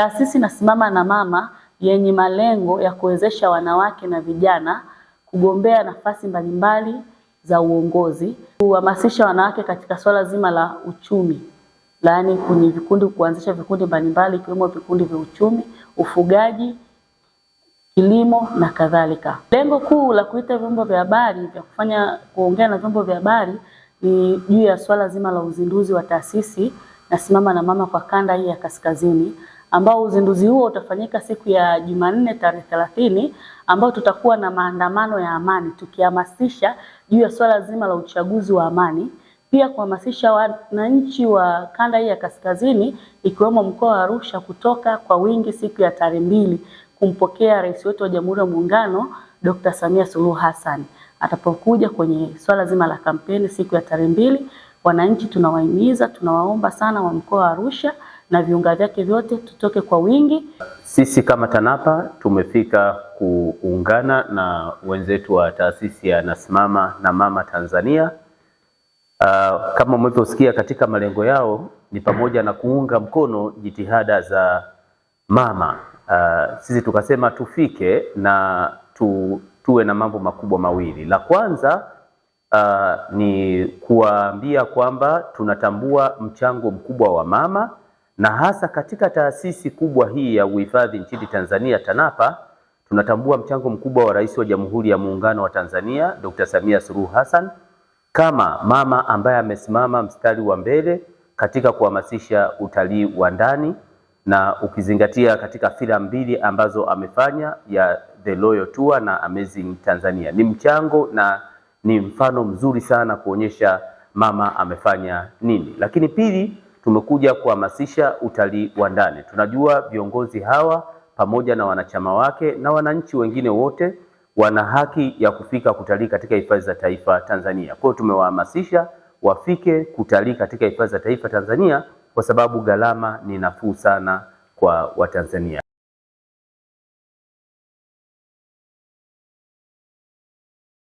Taasisi Nasimama na Mama yenye malengo ya kuwezesha wanawake na vijana kugombea nafasi mbalimbali za uongozi, kuhamasisha wanawake katika swala zima la uchumi, yaani kwenye vikundi, kuanzisha vikundi mbalimbali ikiwemo vikundi vya uchumi, ufugaji, kilimo na kadhalika. Lengo kuu la kuita vyombo vya habari vya kufanya kuongea na vyombo vya habari ni juu ya swala zima la uzinduzi wa taasisi Nasimama na Mama kwa kanda hii ya kaskazini ambao uzinduzi huo utafanyika siku ya Jumanne tarehe thelathini, ambao tutakuwa na maandamano ya amani tukihamasisha juu ya swala zima la uchaguzi wa amani, pia kuhamasisha wananchi wa kanda hii ya kaskazini ikiwemo mkoa wa Arusha kutoka kwa wingi siku ya tarehe mbili kumpokea rais wetu wa Jamhuri ya Muungano Dr. Samia Suluhu Hassan atapokuja kwenye swala zima la kampeni siku ya tarehe mbili. Wananchi tunawahimiza, tunawaomba sana wa mkoa wa Arusha na viunga vyake vyote, tutoke kwa wingi. Sisi kama TANAPA tumefika kuungana na wenzetu wa taasisi ya Nasimama na Mama Tanzania. Uh, kama mlivyosikia katika malengo yao ni pamoja na kuunga mkono jitihada za mama. Uh, sisi tukasema tufike na tu, tuwe na mambo makubwa mawili. La kwanza uh, ni kuwaambia kwamba tunatambua mchango mkubwa wa mama na hasa katika taasisi kubwa hii ya uhifadhi nchini Tanzania TANAPA, tunatambua mchango mkubwa wa Rais wa Jamhuri ya Muungano wa Tanzania Dr. Samia Suluhu Hassan kama mama ambaye amesimama mstari wa mbele katika kuhamasisha utalii wa ndani na ukizingatia katika filamu mbili ambazo amefanya ya The Royal Tour na Amazing Tanzania, ni mchango na ni mfano mzuri sana kuonyesha mama amefanya nini. Lakini pili tumekuja kuhamasisha utalii wa ndani. Tunajua viongozi hawa pamoja na wanachama wake na wananchi wengine wote wana haki ya kufika kutalii katika hifadhi za taifa Tanzania. Kwa hiyo tumewahamasisha wafike kutalii katika hifadhi za taifa Tanzania kwa sababu gharama ni nafuu sana kwa Watanzania.